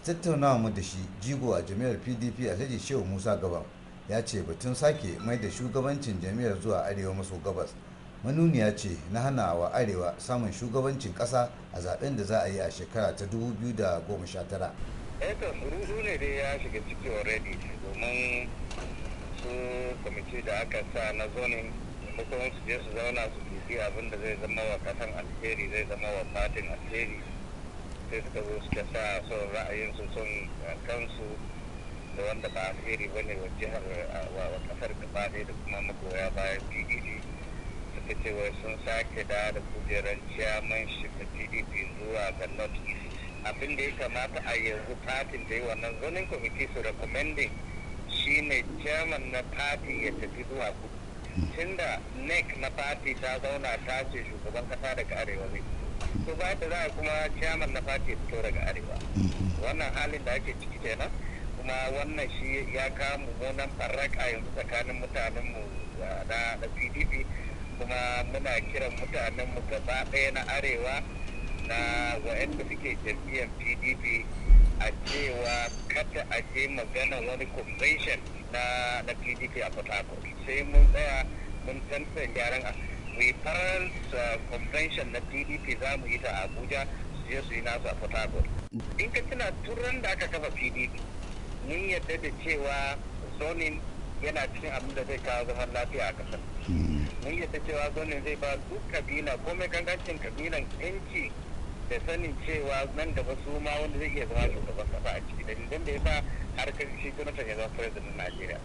a tattaunawa mu da shi jigo a jami'ar pdp a alhaji shehu musa gaban ya ce batun sake mai da shugabancin jami'ar zuwa arewa maso gabas manuniya ce na hana wa arewa samun shugabancin kasa a zaben da za a yi a shekara ta 2019 eto rudu ne dai ya shiga ciki already domin su kwamiti da aka sa na zonin su je su zauna su dubi abin da zai zama wa kasan alheri zai zama wa fatin alheri sai suka zo suka sa son ra'ayinsu son kansu da wanda ba alheri ba ne wa jihar wa kasar gaba ne da kuma magoya bayan pdp suka ce wai sun sake da da kujerar ciyaman shiga pdp zuwa ga north east abin da ya kamata a yanzu fatin da yi wannan zonin kwamiti su recommending shi ne chairman na fati ya tafi zuwa kudu tunda nec na fati ta zauna ta ce shugaban kasa daga arewa zai to ba da za a kuma chairman na fati fito daga arewa mm-hmm. wannan halin da ake ciki kenan kuma wannan shi ya kawo mummunan barraka yanzu tsakanin mu uh, na pdp kuma muna kiran mu gaba ɗaya na arewa na waɗanda suke jam'iyyar pdp a cewa kada a je magana wani convention na pdp a port sai mun tsaya mun tantance gyaran a referral uh, convention na pdp za mu yi ta abuja su je su yi nasu a port harcourt in ka tuna turan da aka kafa pdp mun yadda da cewa zonin yana cikin abin da zai kawo zaman lafiya a kasar hmm. mun yadda cewa zonin zai ba duk kabila ko mai gangancin kabilan yanci da sanin cewa nan gaba su ma wanda zai iya zama shugaban kasa a ciki dalilin da ya sa harkar shi gwamnatin ya zama president na Najeriya.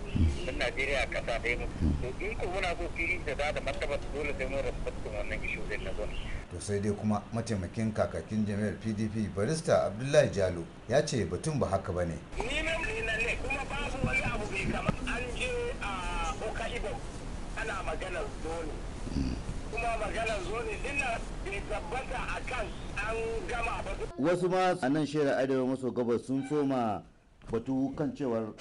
Don Najeriya kasa ɗaya mu. To in ko muna so fili da za da martaba dole sai mun respectin wannan ishu zai na zona. To sai dai kuma mataimakin kakakin jami'ar PDP barista Abdullahi Jalo ya ce batun ba haka ba ne. Ni nan ne kuma su wani abu bai kama an je a Hokkaido ana maganar zoni. kuma maganar zoni dinnan bai tabbata kan. an gama ba. Wasu ma a nan shirin arewa maso gabas sun soma batu kan cewar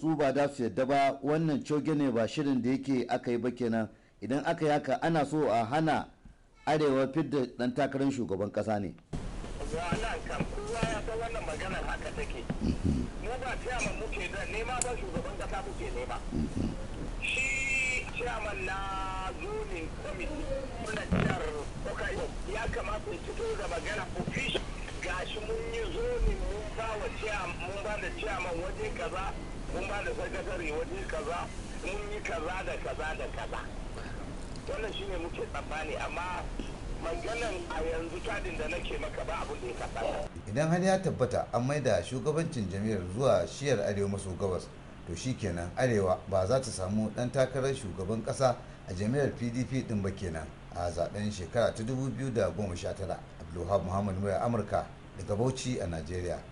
su ba da su yadda ba wannan coge ne ba shirin da yake aka yi ba kenan idan aka yi haka ana so a hana arewa fidda dan takarar shugaban kasa ne wannan ya san wannan maganar haka mhm. da mhm. na zunin kwamiti na jihar ya kamata ya fito da magana official ba mun ba da ciyaman waje kaza mun ba da sakatare waje kaza mun yi kaza da kaza da kaza wannan shine muke tsammani amma maganan a yanzu tadin da nake maka ba abin da ya kasa idan har ya tabbata an maida shugabancin jami'ar zuwa shiyar arewa maso gabas to shi kenan arewa ba za ta samu dan takarar shugaban kasa a jami'ar pdp din ba kenan a zaben shekara ta 2019 abdulhab muhammad mura amurka daga bauchi a nigeria.